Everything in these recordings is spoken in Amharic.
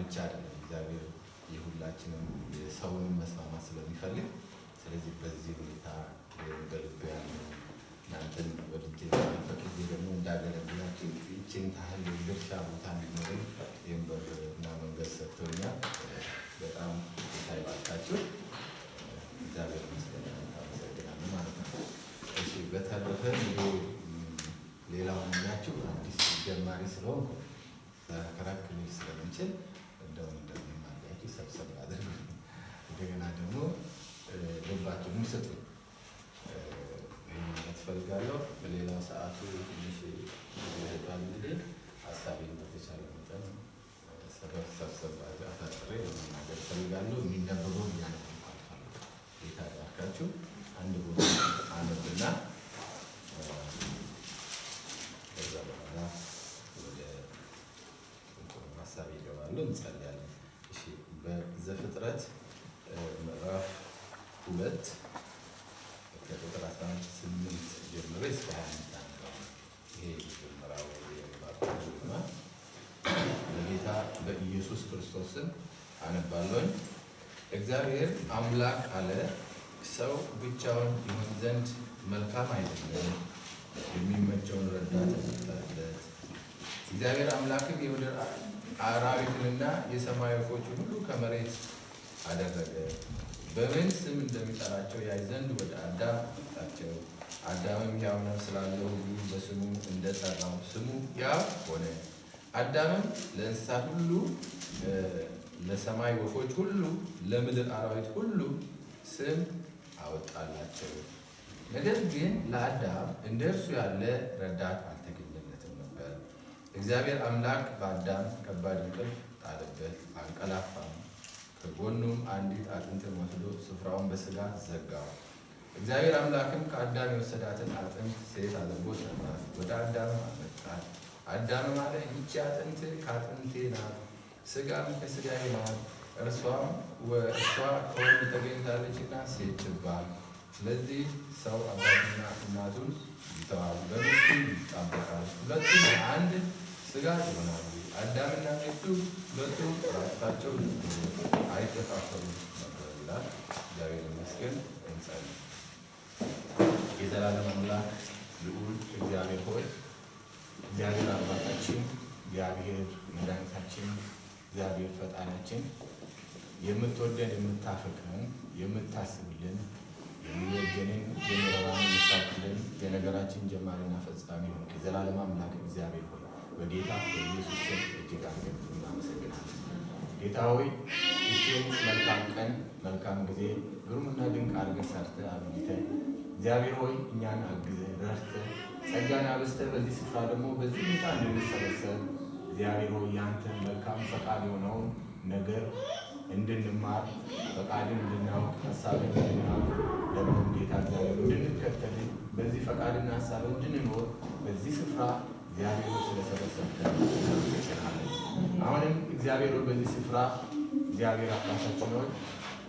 ብቻ አይደለም። እግዚአብሔር የሁላችንም የሰውን መስማማት ስለሚፈልግ ስለዚህ በዚህ ሁኔታ በልብ ያለ እናንተን ወድጄ ፈቅ ደግሞ እንዳገለግላቸው ይችን ታህል ድርሻ ቦታ እንዲኖረኝ ይህም እና መንገድ ሰጥቶኛል። በጣም ታይባታችሁ እግዚአብሔር ይመስገን አመሰግናለሁ ማለት ነው። እሺ በተረፈ ሌላው ምናችሁ አዲስ ጀማሪ ስለሆንኩ ከራክል ስለምንችል ጉዳዩን እንደምንማያቸው ሰብሰብ አድርግ እንደገና ደግሞ ልባቸው የሚሰጡ ያስፈልጋለሁ። በሌላ ሰዓቱ ትንሽ ሄዷል። እንግዲህ ሀሳቤን በተቻለ መጠን ሰብሰብ አሳጥሬ ለመናገር እፈልጋለሁ። የሚነበበው እያነበብኩ አልፋለሁ። ጌታ ባርካችሁ። አንድ ቦታ አነብና ከዛ በኋላ ወደ ሀሳብ ይገባለሁ። እስከ ሀያ አምስት ዓመት ይሄ የመጀመሪያው የባርና በጌታ በኢየሱስ ክርስቶስን አነባለኝ። እግዚአብሔር አምላክ አለ ሰው ብቻውን ይሆን ዘንድ መልካም አይደለም፣ የሚመቸውን ረዳት ሰጠለት። እግዚአብሔር አምላክም የምድር አራዊትንና የሰማይ ወፎችን ሁሉ ከመሬት አደረገ። በምን ስም እንደሚጠራቸው ያይ ዘንድ ወደ አዳም አመጣቸው። አዳምም ሕያው ነው ስላለው ሁሉ በስሙ እንደጠራው ስሙ ሕያው ሆነ። አዳምም ለእንስሳት ሁሉ፣ ለሰማይ ወፎች ሁሉ፣ ለምድር አራዊት ሁሉ ስም አወጣላቸው። ነገር ግን ለአዳም እንደ እርሱ ያለ ረዳት አልተገኘለትም ነበር። እግዚአብሔር አምላክ በአዳም ከባድ እንቅልፍ ጣለበት፣ አንቀላፋም። ከጎኑም አንዲት አጥንትን ወስዶ ስፍራውን በስጋ ዘጋው። እግዚአብሔር አምላክም ከአዳም የወሰዳትን አጥንት ሴት አድርጎ ሰራት፣ ወደ አዳምም አመጣት። አዳምም አለ ይቺ አጥንት ከአጥንቴ ናት፣ ስጋም ከስጋዬ ናት። እርሷም እርሷ ከወንድ ተገኝታለችና ሴት ትባል። ስለዚህ ሰው አባትና እናቱን ይተዋል፣ በሚስቱ ይጣበቃል፣ ሁለቱም አንድ ስጋ ይሆናሉ። አዳምና ሚስቱ ሁለቱ ራሳቸው አይተፋፈሩም ነበር ይላል። እግዚአብሔር ይመስገን። እንጸልይ። የዘላለም አምላክ ልዑል እግዚአብሔር ሆይ እግዚአብሔር አባታችን፣ እግዚአብሔር መድኃኒታችን፣ እግዚአብሔር ፈጣሪያችን የምትወደን የምታፈቅረን፣ የምታስብልን፣ የሚወደንን የምረራን የምታክልን የነገራችን ጀማሪና ፈጻሚ ሆን የዘላለም አምላክ እግዚአብሔር ሆይ በጌታ በኢየሱስ ስም እጅግ አድርገን እናመሰግናለን። ጌታ ሆይ መልካም ቀን መልካም ጊዜ ግሩምና ድንቅ አድርገህ ሰርተህ አብጅተህ እግዚአብሔር ሆይ እኛን አግዘህ ረድተህ ጸጋን አበዝተህ በዚህ ስፍራ ደግሞ በዚህ ሁኔታ እንድንሰበሰብ እግዚአብሔር ሆይ ያንተን መልካም ፈቃድ የሆነውን ነገር እንድንማር ፈቃድን እንድናውቅ ሀሳብን እንድናውቅ ደግሞ ጌታ እግዚአብሔር እንድንከተል በዚህ ፈቃድና ሀሳብ እንድንኖር በዚህ ስፍራ እግዚአብሔር ስለሰበሰብከን አሁንም እግዚአብሔር በዚህ ስፍራ እግዚአብሔር አባታችን ሆይ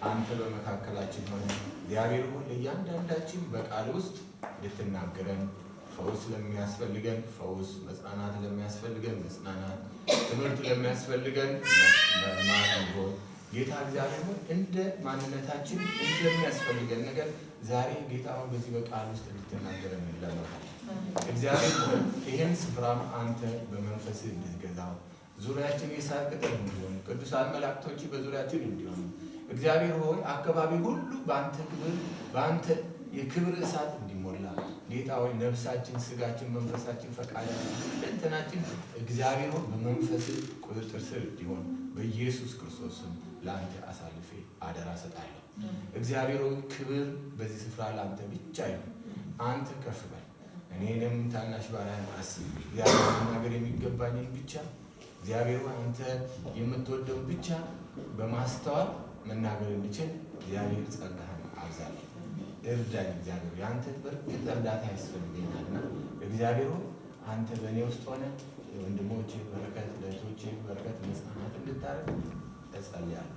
አንተ በመካከላችን ሆነ እግዚአብሔር ሆይ ለእያንዳንዳችን በቃል ውስጥ ልትናገረን ፈውስ ለሚያስፈልገን ፈውስ፣ መጽናናት ለሚያስፈልገን መጽናናት፣ ትምህርት ለሚያስፈልገን ማድረግ ሆይ ጌታ እግዚአብሔር ሆይ እንደ ማንነታችን እንደሚያስፈልገን ነገር ዛሬ ጌታ በዚህ በቃል ውስጥ ልትናገረን እንለመናል። እግዚአብሔር ሆይ ይህን ስፍራም አንተ በመንፈስህ እንድትገዛው ዙሪያችን የሳር ቅጠል እንዲሆኑ ቅዱሳን መላእክቶች በዙሪያችን እንዲሆኑ እግዚአብሔር ሆይ አካባቢ ሁሉ በአንተ ክብር በአንተ የክብር እሳት እንዲሞላ ጌታ ሆይ ነፍሳችን፣ ስጋችን፣ መንፈሳችን፣ ፈቃዳችን፣ ሁለንተናችን እግዚአብሔር ሆይ በመንፈስ ቁጥጥር ስር እንዲሆን በኢየሱስ ክርስቶስም ለአንተ አሳልፌ አደራ ሰጣለሁ። እግዚአብሔር ሆይ ክብር በዚህ ስፍራ ለአንተ ብቻ ይሁን። አንተ ከፍ በል፣ እኔንም ታናሽ ባሪያን አስብ። እግዚአብሔር መናገር የሚገባኝን ብቻ እግዚአብሔር አንተ የምትወደውን ብቻ በማስተዋል መናገር እንድችል እግዚአብሔር ጸጋህን አብዛለሁ፣ እርዳኝ። እግዚአብሔር የአንተ በርግጥ እርዳታ ያስፈልገኛልና እግዚአብሔር አንተ በእኔ ውስጥ ሆነ ወንድሞቼ በረከት ለእህቶቼ በረከት መጽናናት እንድታረግ እጸልያለሁ።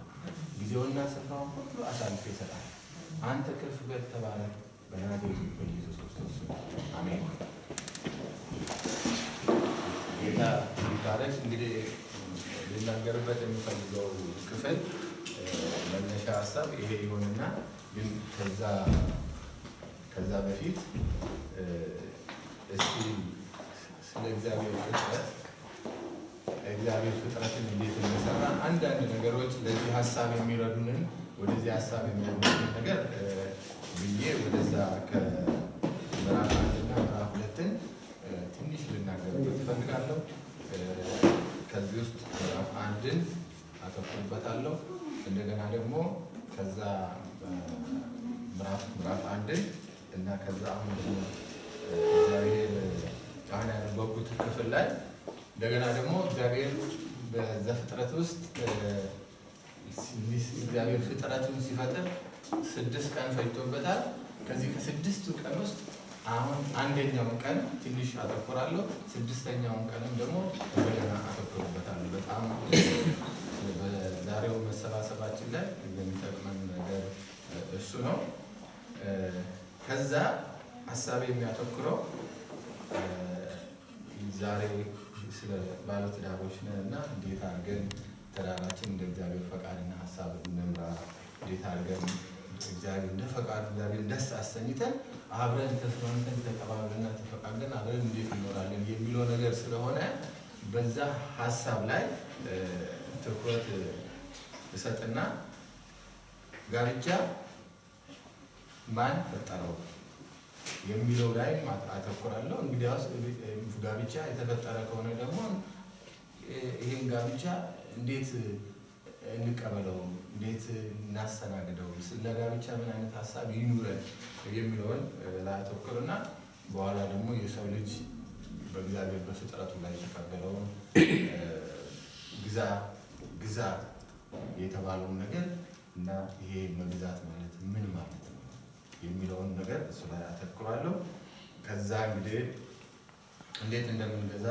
ጊዜውና ስፍራውን ሁሉ አሳልፎ ይሰጣል። አንተ ከፍ በል ተባረክ በናቴ ማለት እንግዲህ ልናገርበት የሚፈልገው ክፍል መነሻ ሀሳብ ይሄ ይሆንና ግን ከዛ በፊት እስቲ ስለ እግዚአብሔር ፍጥረት እግዚአብሔር ፍጥረትን እንዴት እንደሰራ አንዳንድ ነገሮች ለዚህ ሀሳብ የሚረዱንን ወደዚህ ሀሳብ የሚያመጡን ነገር ብዬ ወደዛ ከምዕራፍ አተኩርበታለሁ። እንደገና ደግሞ ከዛ ምዕራፍ ምዕራፍ አንድን እና ከዛ አሁን እግዚአብሔር ጫና ያነበብኩት ክፍል ላይ እንደገና ደግሞ እግዚአብሔር በዘፍጥረት ውስጥ እግዚአብሔር ፍጥረቱን ሲፈጥር ስድስት ቀን ፈጅቶበታል። ከዚህ ከስድስቱ ቀን ውስጥ አሁን አንደኛውን ቀን ትንሽ አተኩራለሁ፣ ስድስተኛውን ቀንም ደግሞ እንደገና አተኩሩበታለሁ። በጣም በዛሬው መሰባሰባችን ላይ የሚጠቅመን ነገር እሱ ነው። ከዛ ሀሳብ የሚያተኩረው ዛሬ ስለ ትዳሮች ነን እና እንዴት አድርገን ትዳራችን እንደ እግዚአብሔር ፈቃድና ሀሳብ እንምራ እንዴት አድርገን እግዚአብሔር እንደ ፈቃዱ እግዚአብሔር ደስ አሰኝተን አብረን ተስማምተን ተቀባብለና ተፈቃደን አብረን እንዴት እንኖራለን የሚለው ነገር ስለሆነ በዛ ሀሳብ ላይ ትኩረት እሰጥና ጋብቻ ማን ፈጠረው የሚለው ላይ አተኩራለሁ። እንግዲያውስ ጋብቻ የተፈጠረ ከሆነ ደግሞ ይህን ጋብቻ እንዴት እንቀበለውም፣ እንዴት እናስተናግደው፣ ስለጋብቻ ምን አይነት ሀሳብ ይኑረን የሚለውን ላይ አተኩርና በኋላ ደግሞ የሰው ልጅ በእግዚአብሔር በፍጥረቱ ላይ የተቀበለውን ግዛ ግዛ የተባለውን ነገር እና ይሄ መግዛት ማለት ምን ማለት ነው የሚለውን ነገር እሱ ላይ አተኩራለሁ። ከዛ እንግዲህ እንዴት እንደምንገዛ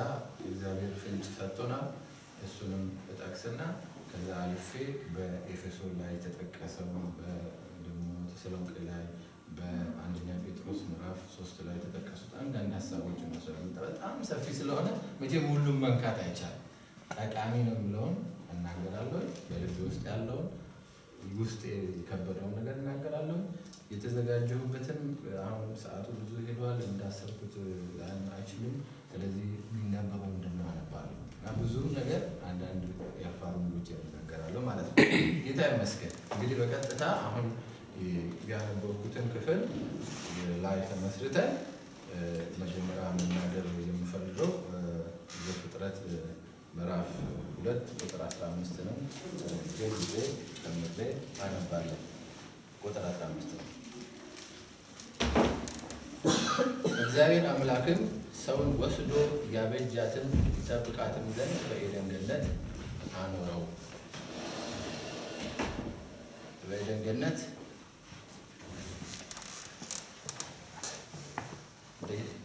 እግዚአብሔር ፍንጭ ሰጥቶናል። እሱንም እጠቅስና ከዛ አልፌ በኤፌሶን ላይ የተጠቀሰውን ደግሞ ተሰሎንቄ ላይ በአንደኛ ጴጥሮስ ምዕራፍ ሶስት ላይ የተጠቀሱት አንዳንድ ሀሳቦች መስራት በጣም ሰፊ ስለሆነ መቼም ሁሉም መንካት አይቻልም። ጠቃሚ ነው የምለውን እናገራለሁ። በልቤ ውስጥ ያለውን ውስጥ የከበደውን ነገር እናገራለሁ። የተዘጋጀሁበትን አሁን ሰዓቱ ብዙ ሄደዋል፣ እንዳሰብኩት አይችልም። ስለዚህ ሊነበበው ምንድነው አነባለሁ ብዙ ነገር አንዳንድ የአፋር ሙሎች ይናገራሉ ማለት ነው። ጌታ ይመስገን። እንግዲህ በቀጥታ አሁን ያነበብኩትን ክፍል ላይ ተመስርተን መጀመሪያ መናገር የምፈልገው ዘፍጥረት ምዕራፍ ሁለት ቁጥር 15 ነው። ጊዜ ጊዜ ተምሬ አነባለሁ። ቁጥር 15 ነው። እግዚአብሔር አምላክም ሰውን ወስዶ ያበጃትን ይጠብቃትም ዘንድ በኤደን ገነት አኖረው። በኤደን ገነት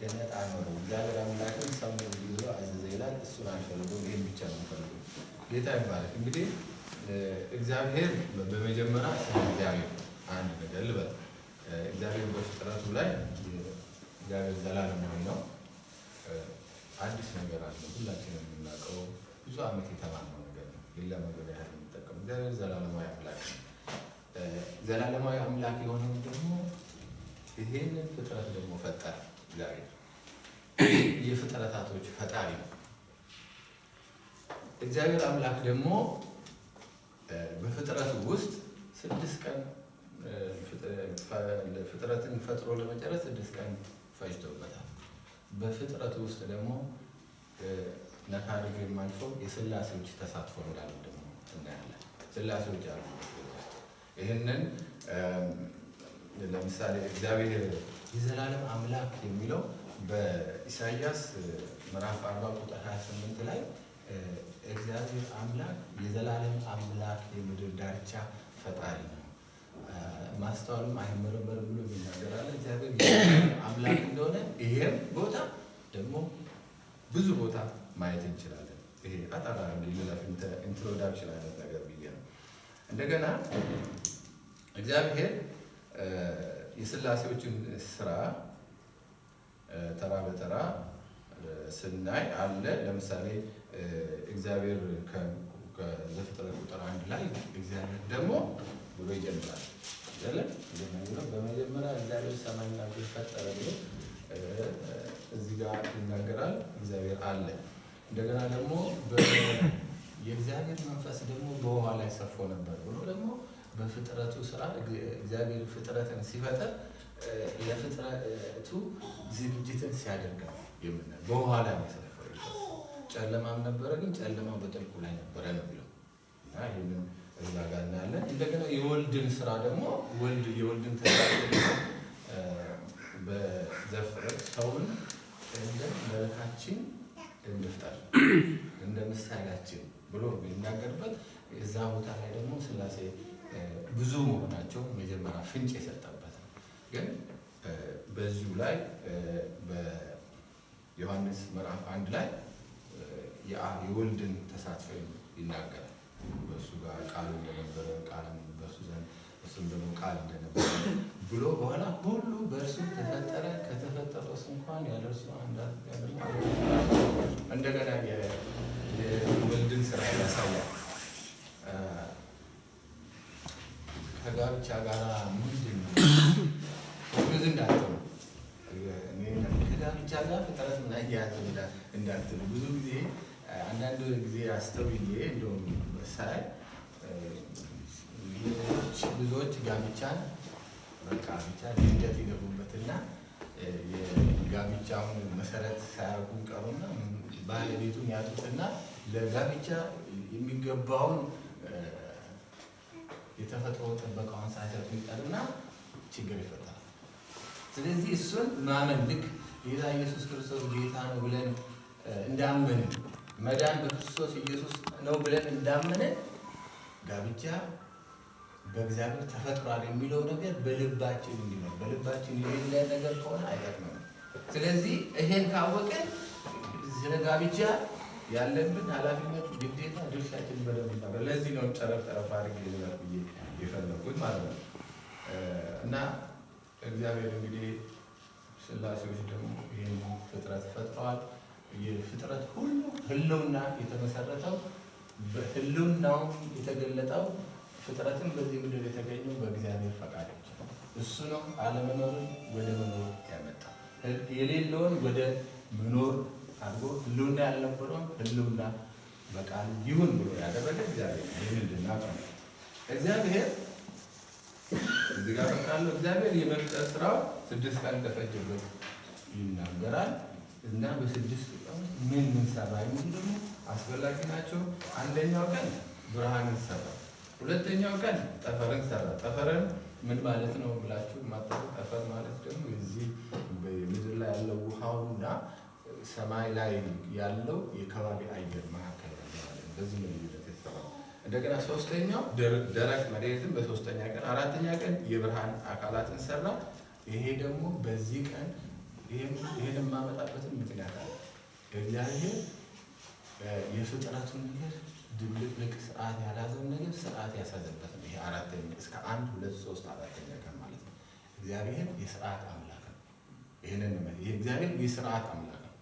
ገነት አኖረው። እግዚአብሔር አምላክም ሰው እንዲይዞ አዘዘ ይላል። እሱን አልፈልጉም፣ ይህን ብቻ ነው ፈልጉ። ጌታ ይባረክ። እንግዲህ እግዚአብሔር በመጀመሪያ ስለ እግዚአብሔር አንድ ነገር ልበል። እግዚአብሔር በፍጥረቱ ላይ እግዚአብሔር ዘላለማዊ ነው። አዲስ ነገር አለ። ሁላችን የምናውቀው ብዙ ዓመት የተማርነው ነገር ነው። ሌላ ነገር ያህል የሚጠቀሙ እግዚአብሔር ዘላለማዊ አምላክ ነው። ዘላለማዊ አምላክ የሆነው ደግሞ ይሄንን ፍጥረት ደግሞ ፈጠረ። እግዚአብሔር የፍጥረታቶች ፈጣሪ ነው። እግዚአብሔር አምላክ ደግሞ በፍጥረቱ ውስጥ ስድስት ቀን ፍጥረትን ፈጥሮ ለመጨረስ ስድስት ቀን ፈጅቶበታል። በፍጥረት ውስጥ ደግሞ ነካሪግም አልፎ የስላሴዎች ተሳትፎ እንዳለ ደግሞ እናያለን። ስላሴዎች አሉ። ይህንን ለምሳሌ እግዚአብሔር የዘላለም አምላክ የሚለው በኢሳያስ ምዕራፍ 40 ቁጥር 28 ላይ እግዚአብሔር አምላክ የዘላለም አምላክ የምድር ዳርቻ ፈጣሪ ነው ማስተዋሉም አይመረመርም ብሎ ይናገራል። እግዚአብሔር አምላክ እንደሆነ ይሄም ቦታ ደግሞ ብዙ ቦታ ማየት እንችላለን። ይሄ አጣራ ኢንትሮዳክሽን አይነት ነገር ብዬ ነው። እንደገና እግዚአብሔር የስላሴዎችን ስራ ተራ በተራ ስናይ አለ። ለምሳሌ እግዚአብሔር ከዘፍጥረት ቁጥር አንድ ላይ እግዚአብሔር ደግሞ ብሎ ይጀምራል። በመጀመሪያ እግዚአብሔር ሰማይና ምድርን ፈጠረ ብሎ እዚህ ጋር ይናገራል። እግዚአብሔር አለ። እንደገና ደግሞ የእግዚአብሔር መንፈስ ደግሞ በውሃ ላይ ሰፎ ነበር ብሎ ደግሞ በፍጥረቱ ስራ እግዚአብሔር ፍጥረትን ሲፈጠር ለፍጥረቱ ዝግጅትን ሲያደርግ የምናል በውሃ ላይ ነው የሰፈረው። ጨለማም ነበረ፣ ግን ጨለማው በጥልቁ ላይ ነበረ ነው የሚለው እዛ ጋር እናያለን። እንደገና የወልድን ስራ ደግሞ ወልድ የወልድን ስራ በዘፍጥረት ሰውን እንደ መልካችን እንድፍጠር እንደ ምሳሌያችን ብሎ የሚናገርበት እዛ ቦታ ላይ ደግሞ ስላሴ ብዙ መሆናቸው መጀመሪያ ፍንጭ የሰጠበት ነው። ግን በዚሁ ላይ በዮሐንስ ምዕራፍ አንድ ላይ የወልድን ተሳትፎ ይናገራል። በእሱ ጋር ቃሉ እንደነበረ ቃልም በእሱ ዘንድ እሱም ደግሞ ቃል እንደነበረ ብሎ በኋላ ሁሉ በእርሱ ተፈጠረ፣ ከተፈጠረስ እንኳን ያለ እርሱ አንዳች እንደገና የወልድን ስራ ያሳያል። ከጋብቻ ጋር ምንድን ነው እንዳትሉ ከጋብቻ ጋር ፍጥረት ምናምን እንዳትሉ ብዙ ጊዜ አንዳንድ ጊዜ አስተውዬ እንደውም ሳይ ብዙዎች ጋብቻን በቃ ብቻ ድንገት ይገቡበትና የጋብቻውን መሰረት ሳያውቁ ቀሩና ባለቤቱን ያጡትና ለጋብቻ የሚገባውን የተፈጥሮ ጥበቃውን ሳይሰጡ ይቀርና ችግር ይፈጠራል። ስለዚህ እሱን ማመን ልክ ጌታ ኢየሱስ ክርስቶስ ጌታ ነው ብለን እንዳመንን መዳን በክርስቶስ ኢየሱስ ነው ብለን እንዳመነ ጋብቻ በእግዚአብሔር ተፈጥሯል የሚለው ነገር በልባችን እንዲኖር በልባችን የሌለ ነገር ከሆነ አይጠቅምም። ስለዚህ ይሄን ካወቅን ስለ ጋብቻ ያለብን ኃላፊነት ግዴታ ድርሻችን በደንብ ነበር። ለዚህ ነው ጨረፍ ጠረፍ አድርግ ልበል ብዬ የፈለኩት ማለት ነው። እና እግዚአብሔር እንግዲህ ስላሴዎች ደግሞ ይህን ፍጥረት ፈጥረዋል። የፍጥረት ሁሉ ህልውና የተመሰረተው ህልውናው የተገለጠው ፍጥረትን በዚህ ምድር የተገኘው በእግዚአብሔር ፈቃድ እሱ ነው። አለመኖርን ወደ መኖር ያመጣው የሌለውን ወደ መኖር አድርጎ ህልውና ያልነበረውን ህልውና በቃል ይሁን ብሎ ያደረገ እግዚአብሔር ይህንልና ነው። እግዚአብሔር እዚህ ጋር ፈቃድ እግዚአብሔር የመፍጠር ስራው ስድስት ቀን እንደፈጀበት ይናገራል። እና በስድስት ቀን ምን ምን ሰራ የሚሉ ደግሞ አስፈላጊ ናቸው። አንደኛው ቀን ብርሃን ሰራ፣ ሁለተኛው ቀን ጠፈርን ሰራ። ጠፈርን ምን ማለት ነው ብላችሁ ማጠሩ፣ ጠፈር ማለት ደግሞ እዚህ ምድር ላይ ያለው ውሃው እና ሰማይ ላይ ያለው የከባቢ አየር መካከል ያለ በዚህ ነው ልዩነት የተሰራው። እንደገና ሶስተኛው ደረቅ መሬትን በሶስተኛ ቀን፣ አራተኛ ቀን የብርሃን አካላትን ሰራ። ይሄ ደግሞ በዚህ ቀን ይህን የማመጣበትን ምክንያት አለ። እግዚአብሔር የፍጥረቱን ነገር ድብልቅልቅ ስርዓት ያልያዘውን ነገር ስርዓት ያሳዘበት ነው። ይሄ አራተኛ እስከ አንድ ሁለት ሶስት አራተኛ ቀን ማለት ነው። እግዚአብሔር የስርዓት አምላክ ነው። ይህንን እግዚአብሔር የስርዓት አምላክ ነው።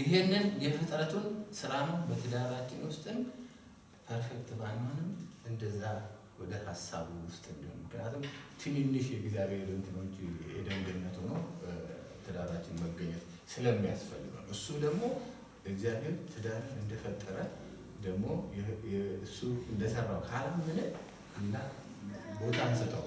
ይህንን የፍጥረቱን ስራ ነው። በትዳራችን ውስጥም ፐርፌክት ባንሆንም እንደዛ ወደ ሀሳቡ ውስጥ እንዲሆን ምክንያቱም ትንንሽ የእግዚአብሔር እንትኖች የደንገነት ሆኖ ትዳራችን መገኘት ነው። እሱ ደግሞ እግዚአብሔር ትዳርን እንደፈጠረ ደግሞ እሱ እንደሰራው ካላመነ እና ቦታ አንስተው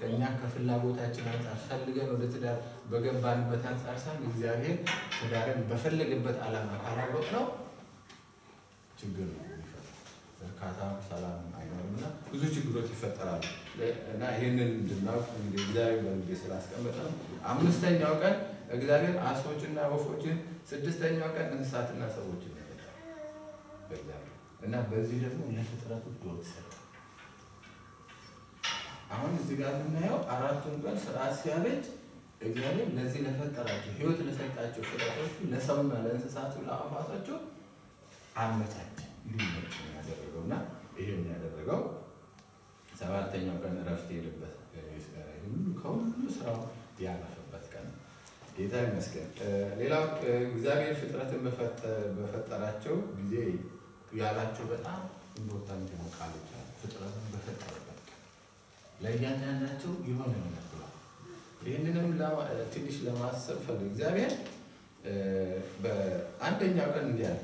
ከእኛ ከፍላጎታችን አንጻር ፈልገን ወደ ትዳር በገባንበት አንጻር ሳ እግዚአብሔር ትዳርን በፈለገበት ዓላማ ካላወቅ ነው ችግር ነው። እርካታም ሰላም አይኖርም እና ብዙ ችግሮች ይፈጠራሉ። እና ይህንን እንድናውቅ እንግዲህ እግዚአብሔር በልቤ ስላስቀመጠ አምስተኛው ቀን እግዚአብሔር አሶችና ወፎችን፣ ስድስተኛው ቀን እንስሳትና ሰዎችን እና በዚህ ደግሞ ለፍጥረቱ ዶት ሰጠ። አሁን እዚህ ጋር የምናየው አራቱን ቀን ስራ ሲያበጅ እግዚአብሔር ለዚህ ለፈጠራቸው ህይወት ለሰጣቸው ፍጥረቶቹ ለሰውና ለእንስሳቱ ለአፋቶቹ አመቻቸው። እንዲመርጥ ነው ያደረገው እና ይህን ያደረገው ሰባተኛው ቀን እረፍት የሄደበት ሁሉ ከሁሉ ስራው ያረፈበት ቀን ጌታ ይመስገን። ሌላው እግዚአብሔር ፍጥረትን በፈጠራቸው ጊዜ ያላቸው በጣም ኢምፖርታንት የሆኑ ቃሎች አሉ። ፍጥረትን በፈጠረበት ቀን ለእያንዳንዳቸው የሆነ ነገር ብሏል። ይህንንም ትንሽ ለማሰብ ፈለ እግዚአብሔር በአንደኛው ቀን እንዲያለ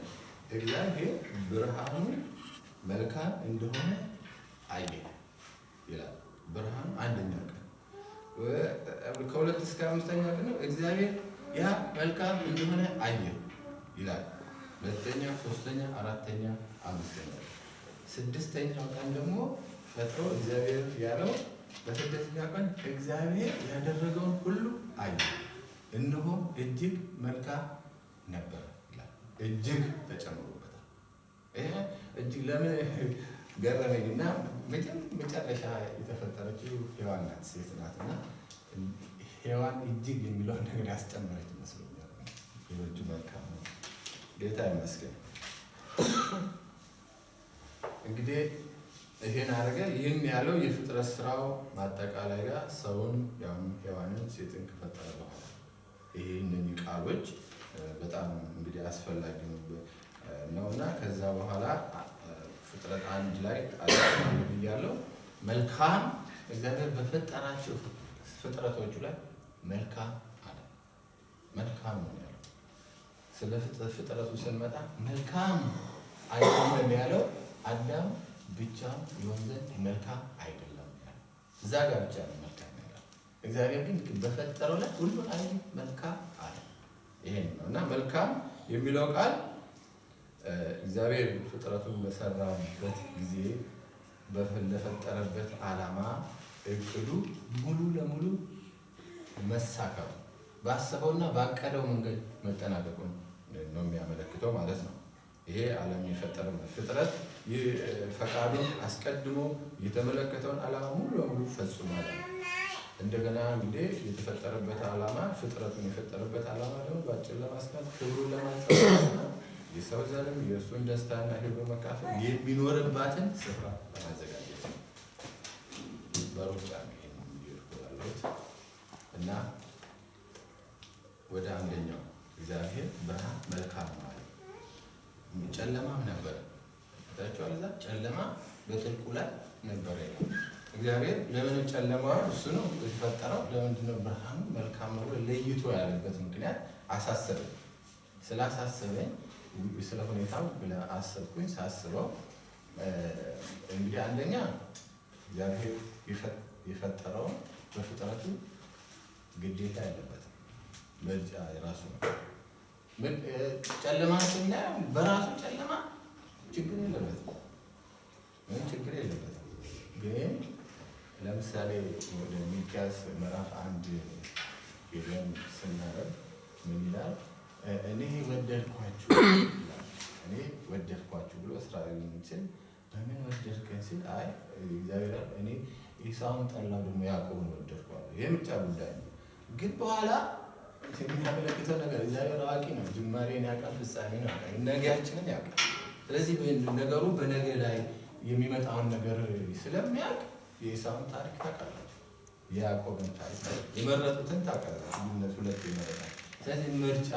እግዚአብሔር ብርሃኑ መልካም እንደሆነ አየ ይላል። ብርሃኑ አንደኛው ቀን ከሁለት እስከ አምስተኛው ቀን እግዚአብሔር ያ መልካም እንደሆነ አየ ይላል። ሁለተኛ፣ ሶስተኛ፣ አራተኛ፣ አምስተኛ፣ ስድስተኛው ቀን ደግሞ ፈጥሮ እግዚአብሔር ያለው በስደተኛው ቀን እግዚአብሔር ያደረገውን ሁሉ አየ፣ እነሆ እጅግ መልካም ነበር። እጅግ ተጨምሮበታል። ይህ እጅግ ለምን ገረመኝ እና መጨረሻ የተፈጠረችው ሔዋን ናት፣ ሴት ናት እና ሔዋን እጅግ የሚለውን ነገር ያስጨመረች ይመስለኛል። ሌሎቹ መልካም ነው። ጌታ ይመስገን። እንግዲህ ይሄን አድርገ ይህን ያለው የፍጥረት ስራው ማጠቃላይ ጋር ሰውን ያውም ሔዋንን ሴትን ከፈጠረ በኋላ ይሄ እነኚህ ቃሎች በጣም እንግዲህ አስፈላጊ ነው እና ከዛ በኋላ ፍጥረት አንድ ላይ ብያለው። መልካም እግዚአብሔር በፈጠራቸው ፍጥረቶቹ ላይ መልካም አለ። መልካም ነው ያለው። ስለ ፍጥረቱ ስንመጣ መልካም አይደለም ያለው አዳም ብቻ ይሆን ዘንድ መልካም አይደለም ያለው። እዛ ጋር ብቻ ነው መልካም ያለው። እግዚአብሔር ግን በፈጠረው ላይ ሁሉ አይ መልካም አለ። ይሄን ነው እና መልካም የሚለው ቃል እግዚአብሔር ፍጥረቱን በሰራበት ጊዜ ለፈጠረበት ዓላማ እቅዱ ሙሉ ለሙሉ መሳካቱ ባሰበውና ባቀደው መንገድ መጠናቀቁን ነው የሚያመለክተው ማለት ነው። ይሄ ዓለም የፈጠረው ፍጥረት ፈቃዱን አስቀድሞ የተመለከተውን ዓላማ ሙሉ ለሙሉ ፈጽሟል። እንደገና እንግዲህ የተፈጠረበት ዓላማ ፍጥረቱን የፈጠረበት ዓላማ ደግሞ በአጭር ለማስካት ክብሩን ለማንጸባረቅና የሰው ዘርም የእሱን ደስታና ህ በመካፈል የሚኖርባትን ስፍራ ለማዘጋጀት ነው። በሩጫ ያለት እና ወደ አንደኛው እግዚአብሔር ብርሃን መልካም ነው ጨለማም ነበር ታቸዋል። ጨለማ በጥልቁ ላይ ነበረ ይላል እግዚአብሔር ለምን ጨለማ እሱ ነው የፈጠረው፣ ለምንድነው ብርሃኑ መልካም ነው ለይቶ ያለበት ምክንያት አሳሰበኝ። ስላሳሰበኝ ስለ ሁኔታው አሰብኩኝ። ሳስበው እንግዲህ አንደኛ እግዚአብሔር የፈጠረውን በፍጥረቱ ግዴታ ያለበት ምርጫ የራሱ ነው። ጨለማ ስናየው በራሱ ጨለማ ችግር የለበትም፣ ችግር የለበትም ግን ለምሳሌ ወደ ሚኪያስ ምዕራፍ አንድ ሄደን ስናረብ ምን ይላል? እኔ ወደድኳችሁ እኔ ወደድኳችሁ ብሎ እስራኤሎችን በምን ወደድከን ሲል አይ እግዚአብሔር እኔ ኢሳውን ጠላሁ፣ ደግሞ ያዕቆብን ወደድኳለሁ። ይህ ብቻ ጉዳይ ነው። ግን በኋላ የሚያመለክተው ነገር እግዚአብሔር አዋቂ ነው። ጅማሬን ያውቃል፣ ፍጻሜን ያውቃል፣ ነገያችንን ያውቃል። ስለዚህ ነገሩ በነገ ላይ የሚመጣውን ነገር ስለሚያውቅ የኢሳውን ታሪክ ታውቃላችሁ፣ የያዕቆብን ታሪክ የመረጡትን ታውቃላችሁ። ልዩነት ሁለት ይመረጣል። ስለዚህ ምርጫ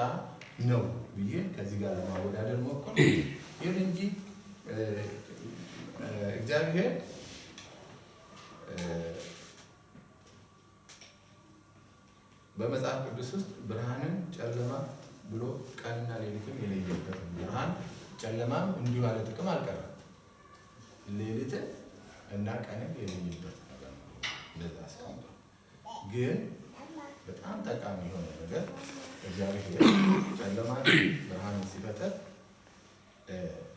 ነው ብዬ ከዚህ ጋር ለማወዳደር ሞክር። ይሁን እንጂ እግዚአብሔር በመጽሐፍ ቅዱስ ውስጥ ብርሃንን ጨለማ ብሎ ቀንና ሌሊትም የለየበት ብርሃን ጨለማም እንዲሁ አለ ጥቅም አልቀረም ሌሊትን እና ቀንም የለየበት ነገር እንደዛ አስቀምጠ ግን በጣም ጠቃሚ የሆነ ነገር እግዚአብሔር ጨለማ ብርሃንን ሲፈጠር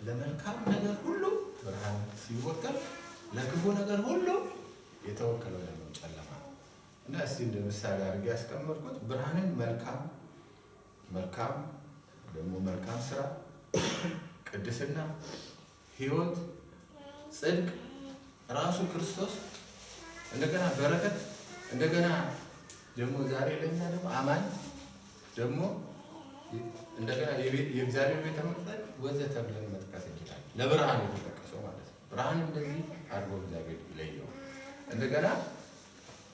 ለመልካም ነገር ሁሉ ብርሃን ሲወከል ለክፉ ነገር ሁሉ የተወከለው ያለው ጨለማ ነው እና እስቲ እንደ ምሳሌ አድርጌ ያስቀመጥኩት ብርሃንን መልካም መልካም ደግሞ መልካም ስራ፣ ቅድስና፣ ህይወት ጽድቅ ራሱ ክርስቶስ እንደገና በረከት እንደገና ደግሞ ዛሬ ለኛ ደግሞ አማን ደግሞ እንደገና የእግዚአብሔር ቤተ መቅደስ ወዘተ ብለን መጥቀስ እንችላለን። ለብርሃን የተጠቀሰው ማለት ነው። ብርሃን እንደዚህ አድርጎ እግዚአብሔር ይለየው እንደገና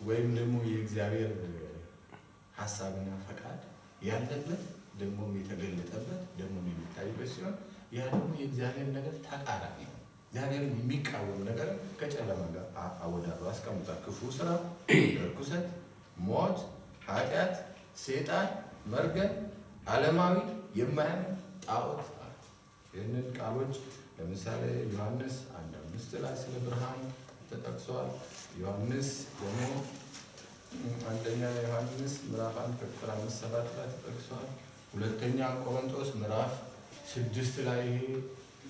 ወይም ደግሞ የእግዚአብሔር ሀሳብና ፈቃድ ያለበት ደግሞ የተገለጠበት ደግሞ የሚታይበት ሲሆን ያ ደግሞ የእግዚአብሔር ነገር ተቃራኒ ነው። እግዚአብሔር የሚቃወም ነገር ከጨለማ ጋር አወዳድሮ አስቀምጧል። ክፉ ስራ፣ ርኩሰት፣ ሞት፣ ኃጢአት፣ ሴጣን፣ መርገም፣ ዓለማዊ የማያምን ጣዖት አለ። ይህንን ቃሎች ለምሳሌ ዮሐንስ አንድ አምስት ላይ ስለ ብርሃን ተጠቅሷል። ዮሐንስ ደግሞ አንደኛ ዮሐንስ ምዕራፍ አንድ ከቁጥር አምስት ሰባት ላይ ተጠቅሷል። ሁለተኛ ቆሮንቶስ ምዕራፍ ስድስት ላይ ይሄ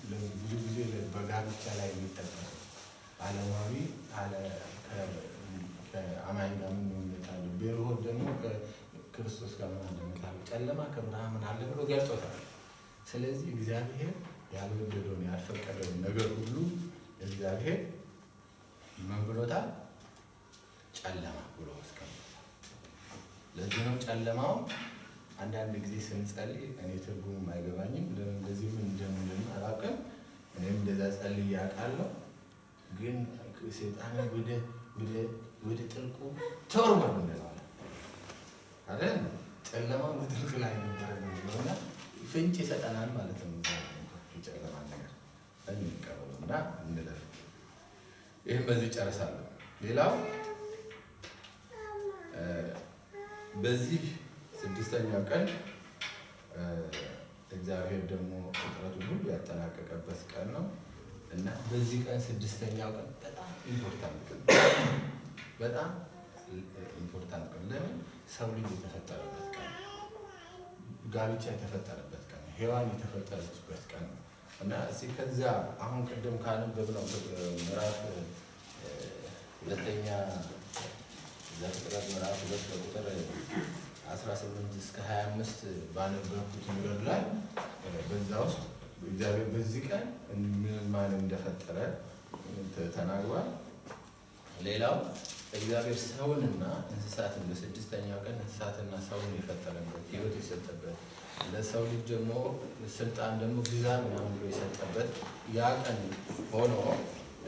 ብዙ ጊዜ በጋብቻ ላይ የሚጠቀሱ አለማዊ ከአማኝ ጋር ምን ልዩነት አለው? ደግሞ ከክርስቶስ ጋር ምን ልዩነት ጨለማ ከብርሃን አለ ብሎ ገልጾታል። ስለዚህ እግዚአብሔር ያልወደደውን ያልፈቀደውን ነገር ሁሉ እግዚአብሔር ምን ብሎታል? ጨለማ ብሎ አስቀምጦታል። ለዚህ ነው ጨለማው አንዳንድ ጊዜ ስንጸልይ እኔ ትርጉሙም አይገባኝም። ለምን እንደዚህ ምን እንደምንድን አላውቅም። እኔም እንደዛ ጸልይ ያውቃለሁ። ግን ሴጣን ወደ ወደ ወደ ጥልቁ ተወርወር እንደዋለ አይደል? ጨለማ በጥልቅ ላይ ነበረ ነውና ፍንጭ ይሰጠናል ማለት ነው። የጨለማ ነገር እንቀበሉ እና እንለፍ። ይህም በዚህ ጨርሳለሁ። ሌላው በዚህ ስድስተኛው ቀን እግዚአብሔር ደግሞ ፍጥረቱን ሁሉ ያጠናቀቀበት ቀን ነው እና በዚህ ቀን ስድስተኛው ቀን በጣም ኢምፖርታንት ቀን በጣም ኢምፖርታንት ቀን ለምን ሰው ልጅ የተፈጠረበት ቀን ጋብቻ የተፈጠረበት ቀን ሔዋን የተፈጠረችበት ቀን ነው እና እ ከዚያ አሁን ቅድም ካነበብነው ምዕራፍ ሁለተኛ ዘፍጥረት ምዕራፍ ሁለት ቁጥር 18 እስከ 25 ባነበብኩት ምድር ላይ በዛ ውስጥ እግዚአብሔር በዚህ ቀን ምን ማለት እንደፈጠረ ተናግሯል። ሌላው እግዚአብሔር ሰውንና እንስሳትን በስድስተኛው ቀን እንስሳትና ሰውን የፈጠረበት ህይወት የሰጠበት ለሰው ልጅ ደግሞ ስልጣን ደግሞ ግዛ ምናምን ብሎ የሰጠበት ያ ቀን ሆኖ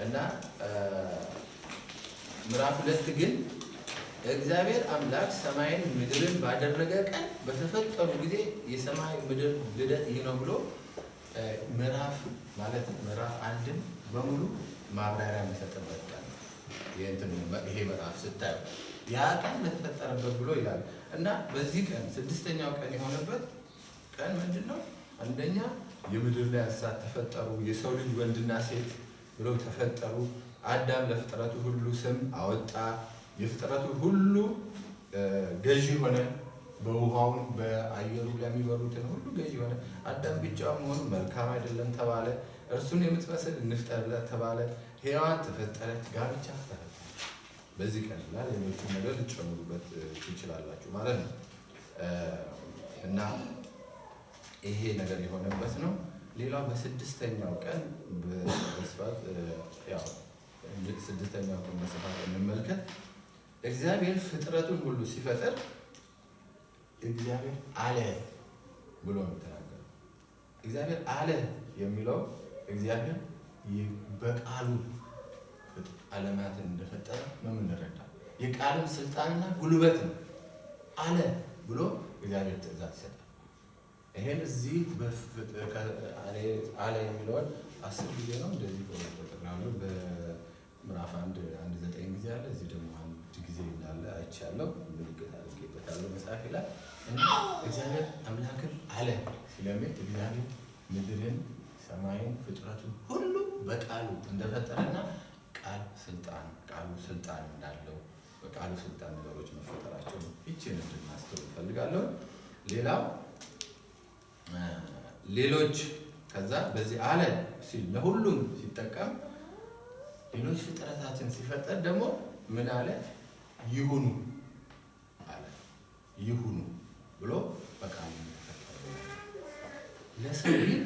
እና ምዕራፍ ሁለት ግን እግዚአብሔር አምላክ ሰማይን ምድርን ባደረገ ቀን በተፈጠሩ ጊዜ የሰማይ ምድር ልደት ይህ ነው ብሎ ምዕራፍ ማለት ምዕራፍ አንድን በሙሉ ማብራሪያ የሚሰጥበት ቀን ይሄ ምዕራፍ ስታዩ ያ ቀን በተፈጠረበት ብሎ ይላል እና በዚህ ቀን ስድስተኛው ቀን የሆነበት ቀን ምንድን ነው? አንደኛ የምድር ላይ እንስሳት ተፈጠሩ፣ የሰው ልጅ ወንድና ሴት ብለው ተፈጠሩ። አዳም ለፍጥረቱ ሁሉ ስም አወጣ። የፍጥረቱ ሁሉ ገዢ ሆነ። በውሃውን በአየሩ ለሚበሩትን ሁሉ ገዢ ሆነ። አዳም ብቻውን መሆኑ መልካም አይደለም ተባለ። እርሱን የምትመስል እንፍጠርለት ተባለ። ሔዋን ተፈጠረች፣ ጋብቻ ተፈጠረች። በዚህ ቀን ላ ሌሎቹ ነገር ልጨምሩበት ትችላላችሁ ማለት ነው እና ይሄ ነገር የሆነበት ነው። ሌላው በስድስተኛው ቀን በስፋት ያው ስድስተኛው ቀን በስፋት እንመልከት። እግዚአብሔር ፍጥረቱን ሁሉ ሲፈጥር እግዚአብሔር አለ ብሎ ነው የተናገረው። እግዚአብሔር አለ የሚለው እግዚአብሔር በቃሉ ዓለማትን እንደፈጠረ ነው የምንረዳ። የቃልም ስልጣንና ጉልበት ነው አለ ብሎ እግዚአብሔር ትእዛዝ ይሰጣል። ይሄን እዚህ አለ የሚለውን አስር ጊዜ ነው እንደዚህ ቁጥር ነው። በምዕራፍ አንድ አንድ ዘጠኝ ጊዜ አለ እዚህ ደግሞ ጊዜ እንዳለ አይቻለሁ፣ ምልክት አድርጌበታለሁ መጽሐፍ ይላል እና እግዚአብሔር አምላክን አለ ስለሚል እግዚአብሔር ምድርን፣ ሰማይን፣ ፍጥረቱን ሁሉ በቃሉ እንደፈጠረና ቃል ስልጣን ቃሉ ስልጣን እንዳለው በቃሉ ስልጣን ነገሮች መፈጠራቸውን ይችን እንድናስተውል እፈልጋለሁ። ሌላው ሌሎች ከዛ በዚህ አለ ሲል ለሁሉም ሲጠቀም ሌሎች ፍጥረታትን ሲፈጠር ደግሞ ምን አለ? ይሁኑ አለ። ይሁኑ ብሎ በቃሉ ተፈጠሩ። ለሰው ግን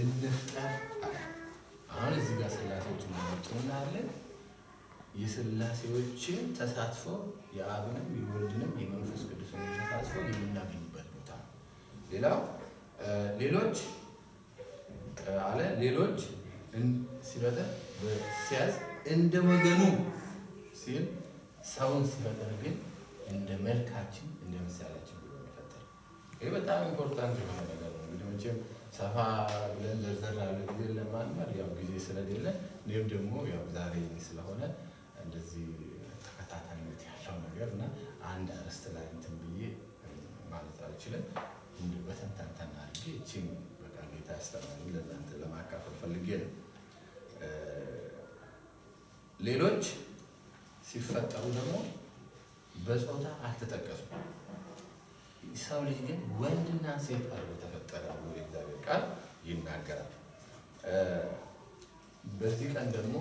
እንፍጠር አለ። አሁን እዚህ ጋር ስላሴዎች እናመጣለን። የስላሴዎችን ተሳትፎ የአብንም የወልድንም የመንፈስ ቅዱስን ተሳትፎ የምናገኝበት ቦታ ነው። ሌላው ሌሎች አለ ሌሎች ሲበጠ ሲያዝ እንደ ወገኑ ሲል ሰውን ሲፈጥር ግን እንደ መልካችን እንደ ምሳሌያችን ብሎ የሚፈጥር ይህ በጣም ኢምፖርታንት የሆነ ነገር ነው። እንግዲህ መቼም ሰፋ ብለን ዘርዘር ያለ ጊዜ ለማንበር ያው ጊዜ ስለሌለ እኔም ደግሞ ያው ዛሬ ስለሆነ እንደዚህ ተከታታይነት ያለው ነገር እና አንድ አርዕስት ላይ እንትን ብዬ ማለት አልችልም። እንዲሁ በተንተንተን አድርጌ እችን በቃ ጌታ ያስተማረኝ ለእናንተ ለማካፈል ፈልጌ ነው ሌሎች ሲፈጠሩ ደግሞ በጾታ አልተጠቀሱም። ሰው ልጅ ግን ወንድና ሴት አድርጎ ተፈጠረ ብሎ የእግዚአብሔር ቃል ይናገራል። በዚህ ቀን ደግሞ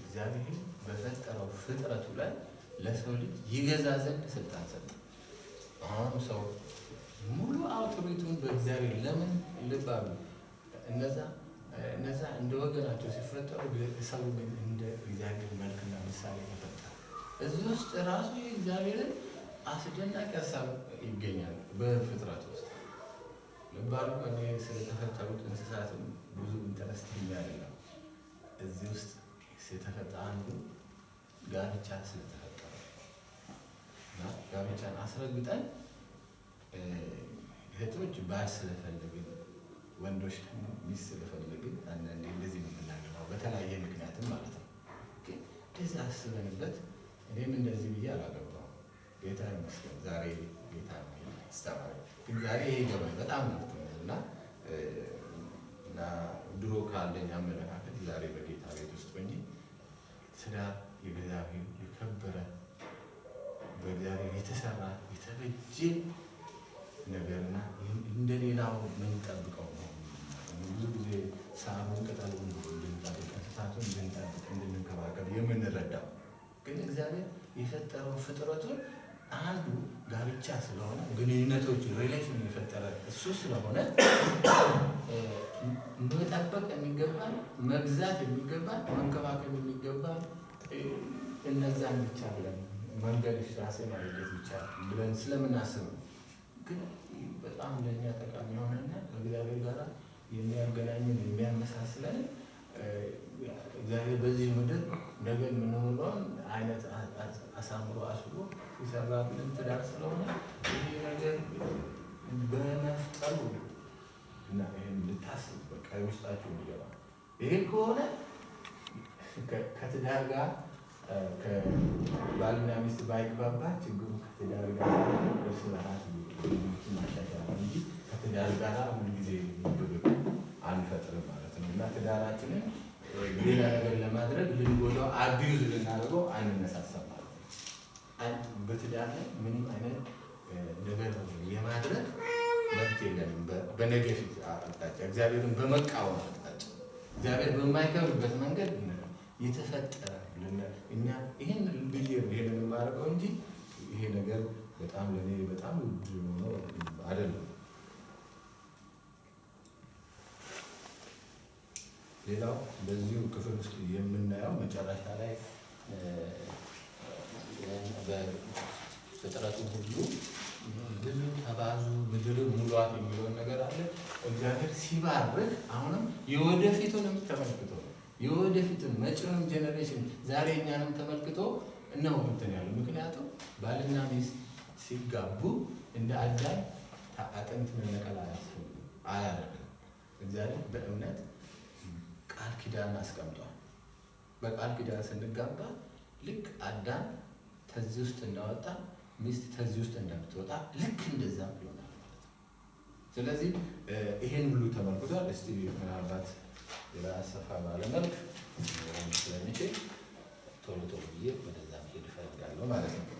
እግዚአብሔር በፈጠረው ፍጥረቱ ላይ ለሰው ልጅ ይገዛ ዘንድ ስልጣን ሰጠ። አሁን ሰው ሙሉ አውቶሪቲውን በእግዚአብሔር ለምን ልባሉ እነዛ እነዛ እንደ ወገናቸው ሲፈጠሩ ሰው ግን እንደ እግዚአብሔር መልክና ምሳሌ እዚህ ውስጥ ራሱ የእግዚአብሔርን አስደናቂ ሀሳብ ይገኛል። በፍጥረት ውስጥ ልባሉ እኔ ስለተፈጠሩት እንስሳትም ብዙ ኢንተረስት የሚያደርገው እዚህ ውስጥ የተፈጠረ አንዱ ጋብቻ ስለተፈጠረ ጋብቻን አስረግጠን እህቶች ባል ስለፈለግን፣ ወንዶች ደግሞ ሚስት ስለፈለግን አንዳንዴ እንደዚህ ነው የምናገባው በተለያየ ምክንያትም ማለት ነው። እንደዚህ አስበንበት እኔም እንደዚህ ብዬ አላገባም። ጌታ ይመስገን ዛሬ ጌታ ስተማሪ ግን ዛሬ ይሄ ገባኝ በጣም ምርት እና እና ድሮ ካለኝ አመለካከት ዛሬ በጌታ ቤት ውስጥ ሆኜ ትዳር የእግዚአብሔር የከበረ በእግዚአብሔር የተሰራ የተበጀ ነገርና እንደ ሌላው ምንጠብቀው ነው። ብዙ ጊዜ ሳሩን ቅጠሉን እንድንጠብቅ እንስሳቱን እንድንጠብቅ እንድንከባከብ የምንረዳው ግን እግዚአብሔር የፈጠረው ፍጥረቱን አንዱ ጋብቻ ስለሆነ ግንኙነቶች ሪሌሽን የፈጠረ እሱ ስለሆነ መጠበቅ የሚገባል፣ መግዛት የሚገባል፣ መንከባከብ የሚገባል እነዛን ብቻ ብለን መንገድ ራሴ ማለት ብቻ ብለን ስለምናስብ ግን በጣም ለእኛ ጠቃሚ የሆነና ከእግዚአብሔር ጋር የሚያገናኝን የሚያመሳስለን እግዚአብሔር በዚህ ምድር ነገ የምንውለውን አይነት አሳምሮ አስሎ የሰራብን ትዳር ስለሆነ ይህ ነገር በመፍጠሩ እና ይህን ልታስብ በቃ ውስጣችሁ እንዲገባ ይህን ከሆነ ከትዳር ጋር ባልና ሚስት ባይግባባ ችግሩ ከትዳር ጋር እርስ በራስ ማሻሻል እንጂ ከትዳር ጋር ሁልጊዜ ምግብ አንፈጥርም ማለት ነው እና ትዳራችንን ሌላ ነገር ለማድረግ ልንጎዳው አቢዩዝ ልናደርገው አንነሳሳም ማለት ነው። በትዳር ላይ ምንም አይነት ነገር የማድረግ መብት የለንም። በነገፊት አቅጣጫ እግዚአብሔርን በመቃወም አቅጣጫ እግዚአብሔር በማይከብርበት መንገድ የተፈጠረ እኛ ይህን ብዬ ይሄን የማደርገው እንጂ ይሄ ነገር በጣም ለእኔ በጣም ውድ ሆኖ አይደለም። ሌላው በዚሁ ክፍል ውስጥ የምናየው መጨረሻ ላይ ፍጥረቱ ሁሉ ብዙ ተባዙ ምድርን ሙሏት የሚለውን ነገር አለ። እግዚአብሔር ሲባርክ አሁንም የወደፊቱንም ተመልክቶ የወደፊቱን መጪውን ጀኔሬሽን ዛሬ እኛንም ተመልክቶ እነው እንትን ያሉ ምክንያቱም ባልና ሚስት ሲጋቡ እንደ አዳም አጥንት መነቀል አያስፈልግም አያደርግም። እግዚአብሔር በእምነት ቃል ኪዳን አስቀምጧል። በቃል ኪዳን ስንጋባ ልክ አዳም ተዚህ ውስጥ እንዳወጣ ሚስት ተዚህ ውስጥ እንደምትወጣ ልክ እንደዛ ይሆናል ማለት ነው። ስለዚህ ይሄን ሁሉ ተመልክቷል። እስቲ ምናልባት ሌላ ሰፋ ባለመልክ ስለሚችል ቶሎ ቶሎ ብዬ ወደዛ ሄድ እፈልጋለሁ ማለት ነው።